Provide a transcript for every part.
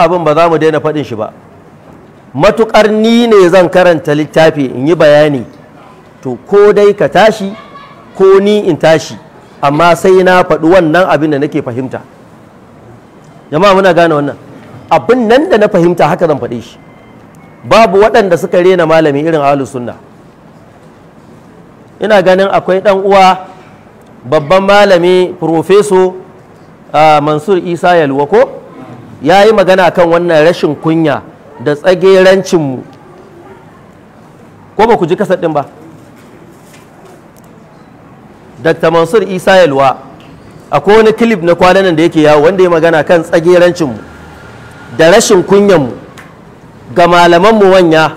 abin ba za mu daina faɗin shi ba matuƙar ni ne zan karanta littafi in yi bayani to ko dai ka tashi ko ni in tashi amma sai na faɗi wannan abin da nake fahimta jama'a muna gane wannan abin nan da na fahimta haka zan faɗi shi babu waɗanda suka rena malami irin alu sunna ina ganin akwai ɗan uwa babban malami profeso ah, mansur isa yalwa ko ya yi magana kan wannan rashin kunya da tsagerancinmu ko ba ku ji kasaddin ɗin ba dr mansur isa yalwa akwai wani kilif na kwanan da yake yawo wanda ya magana kan tsagerancinmu da rashin kunyanmu ga malamanmu wanya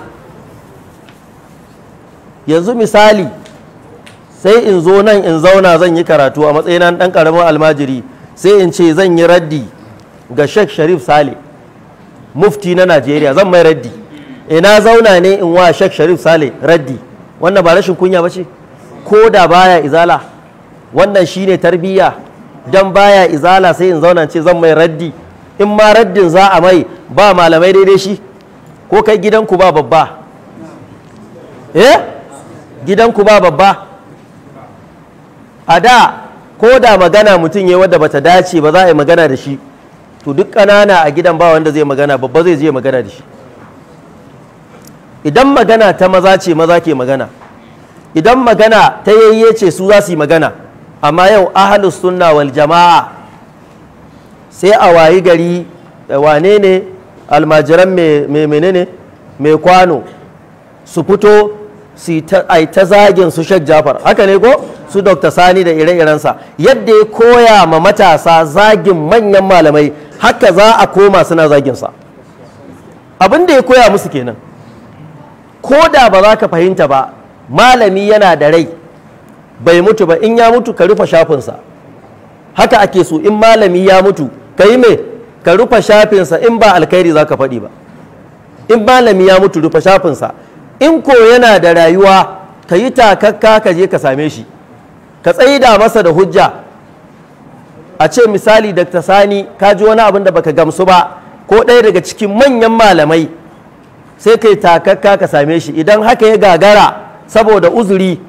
yanzu misali sai in zo nan in zauna zan yi karatu a matsayin ɗan ƙaramin almajiri sai in ce zan yi raddi ga Sheikh Sharif Sale mufti na Najeriya zan mai raddi ina zauna ne in wa Sheikh Sharif Sale raddi wannan ba rashin kunya bace ko da baya izala wannan shine tarbiyya dan baya izala sai in zauna ce zan mai raddi in ma raddin za a mai ba malamai daidai shi ko kai gidanku ba babba eh gidanku ba babba a da ko da magana mutum ya wadda bata dace ba za a yi magana da shi to duk ƙanana a gidan ba wanda zai magana babba zai je magana da shi idan magana ta maza ce maza ke magana idan magana ta yayye ce su za su yi magana amma yau ahalus sunna wal jama'a sai a wayi gari wane ne almajiran mai menene mai kwano su fito su ta zagin su shek jafar haka ne ko su dr sani da ire-irensa yadda ya koya ma matasa zagin manyan malamai haka za a koma suna zaginsa abin da ya koya musu kenan ko da ba za ka fahimta ba malami yana da rai bai mutu ba in ya mutu ka rufe shafinsa haka ake so in malami ya mutu ka yi mai ka rufe shafinsa in ba alkhairi za ka faɗi ba in malami ya mutu rufe shafinsa in ko yana da rayuwa ka yi takakka ka je ka same shi ka tsaida masa da hujja a ce misali da ta sani ka ji wani abin da baka gamsu ba ko ɗaya daga cikin manyan malamai sai kai takakka ka same shi idan haka ya gagara saboda uzuri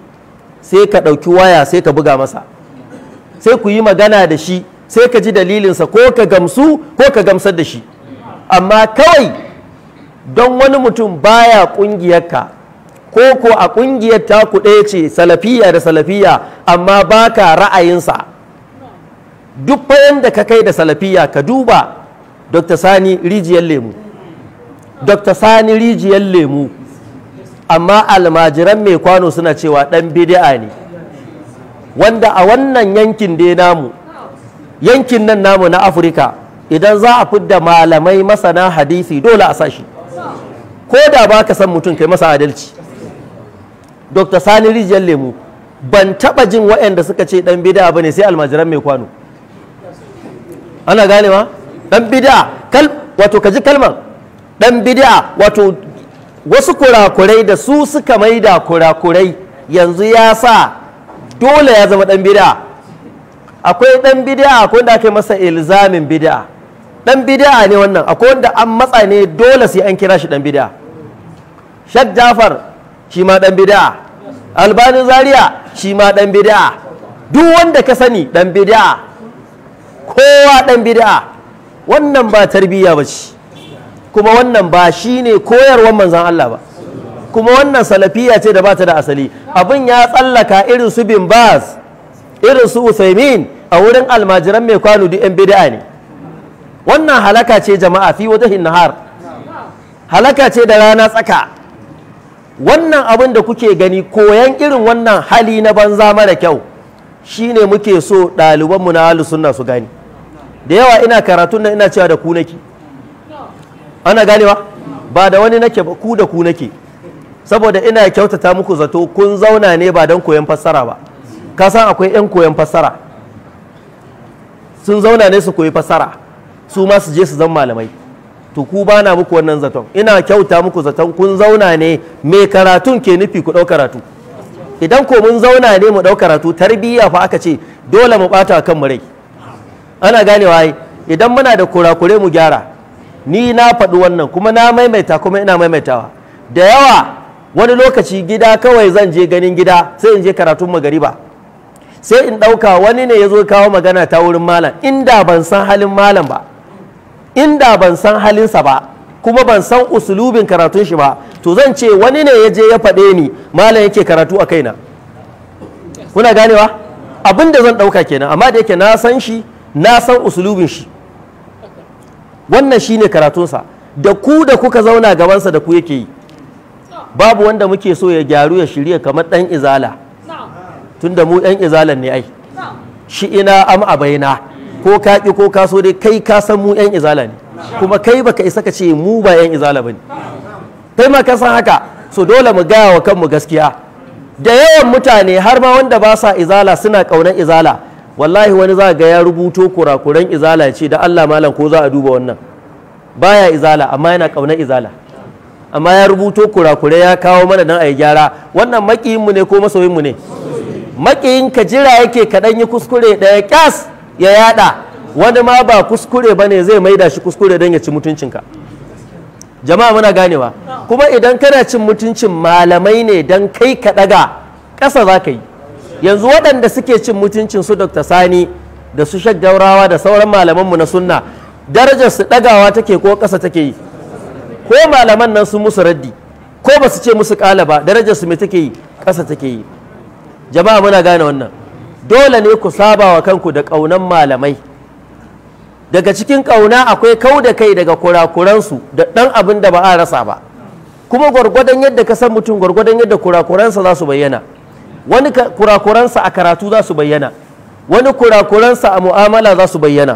sai ka ɗauki waya sai ka buga masa sai ku yi magana da shi sai ka ji dalilinsa ko ka gamsu ko ka gamsar da shi amma kawai don wani mutum baya ƙungiyarka ko ko a ƙungiyar taku ɗaya ce salafiya da salafiya amma baka ra'ayinsa duk fayan da ka kai da salafiya ka duba dr sani rijiyar lemu dr sani rijiyar lemu amma almajiran mai kwano suna cewa dan bidi'a ne wanda a wannan yankin dai namu yankin nan namu na afirka idan za a fidda malamai masana hadisi dole a sashi ko da ba ka san mutum kai masa adalci dr sani rijiyar lemu ban taba jin waɗanda suka ce dan bidi'a ba ne sai almajiran mai kwano ana ganewa dan bid'a kal wato kaji kalmar dan bid'a wato wasu kurakurai da su suka maida kurakurai yanzu ya sa dole ya zama dan bid'a akwai dan bid'a akwai wanda aka masa ilzamin bid'a dan bid'a ne wannan akwai wanda an matsa ne dole sai an kira shi dan bid'a Shak Jafar shi ma dan bid'a Albani Zaria shi ma dan bid'a duk wanda ka sani dan bid'a kowa ɗan bid'a wannan ba tarbiyya ba ce kuma wannan ba shi ne koyarwar manzan Allah ba kuma wannan salafiya ce da ba ta da asali abin ya tsallaka irin su bin bas irin su usaimin a wurin almajiran mai kwano duk 'yan bid'a ne wannan halaka ce jama'a fi wata nahar halaka ce da rana tsaka wannan abin da kuke gani koyan irin wannan hali na banza mara kyau shine muke so ɗalibanmu na sunna su gani da yawa ina karatun nan ina cewa da ku nake ana ganewa ba da wani nake ba ku da ku nake saboda ina kyautata muku zato kun zauna ne ba don koyon fassara ba ka san akwai 'yan koyon fassara sun zauna ne su koyi fassara su ma su je su zan malamai to ku ba na muku wannan zaton ina kyauta muku zaton kun zauna ne me karatun ke nufi ku ɗau karatu idan ko mun zauna ne mu ɗau karatu tarbiyya fa aka ce dole mu ɓata kan mu rai ana ganewa ai idan muna da kurakure mu gyara ni na faɗi wannan kuma na maimaita kuma ina maimaitawa da yawa wani lokaci gida kawai zan je ganin gida sai in je karatun magariba sai in ɗauka wani ne ya zo kawo magana ta wurin malam inda ban san halin malam ba inda ban san halinsa ba kuma ban san usulubin karatun shi ba to zan ce wani ne ya je ya faɗe ni malam yake karatu a kaina kuna ganewa abin da zan ɗauka kenan amma da yake na san shi na san usulubin shi wannan shi ne karatunsa da ku da kuka zauna gabansa da ku yake yi babu wanda muke so ya gyaru ya shirya kamar ɗan izala tunda mu ɗan izalan ne ai shi ina am a abaina ko ka ƙi ko ka so dai kai ka san mu ɗan izala ne kuma kai baka isa ka ce mu ba ɗan izala ba ne? kai ma ka san haka so dole mu gaya wa kanmu gaskiya da yawan mutane har ma wanda ba sa izala suna ƙaunar izala wallahi wani za ga ya rubuto kurakuran izala ce da Allah malam ko za a duba wannan baya izala amma yana kauna izala amma ya rubuto kurakure ya kawo mana dan a gyara wannan mu ne ko mu ne makiyin ka jira yake kaɗan yi kuskure ɗaya kyas ya yada wani ma ba kuskure ba ne zai maida shi kuskure dan ya ci mutuncinka jama'a muna ganewa kuma idan kana cin mutuncin malamai ne dan kai ka ɗaga ƙasa za ka yi yanzu waɗanda suke cin mutuncin su dr sani da su gaurawa da sauran malamanmu na sunna darajar su ɗagawa take ko ƙasa take yi ko malaman nan su musu raddi ko ba su ce musu ƙala ba darajar su me take yi ƙasa take yi jama'a muna gane wannan dole ne ku saba wa kanku da ƙaunan malamai daga cikin ƙauna akwai kau da kai daga kurakuransu da ɗan abin da ba a rasa ba kuma gwargwadon yadda ka san mutum gwargwadon yadda kurakuransa za su bayyana wani kurakuransa a karatu za su bayyana wani kurakuransa a mu'amala za su bayyana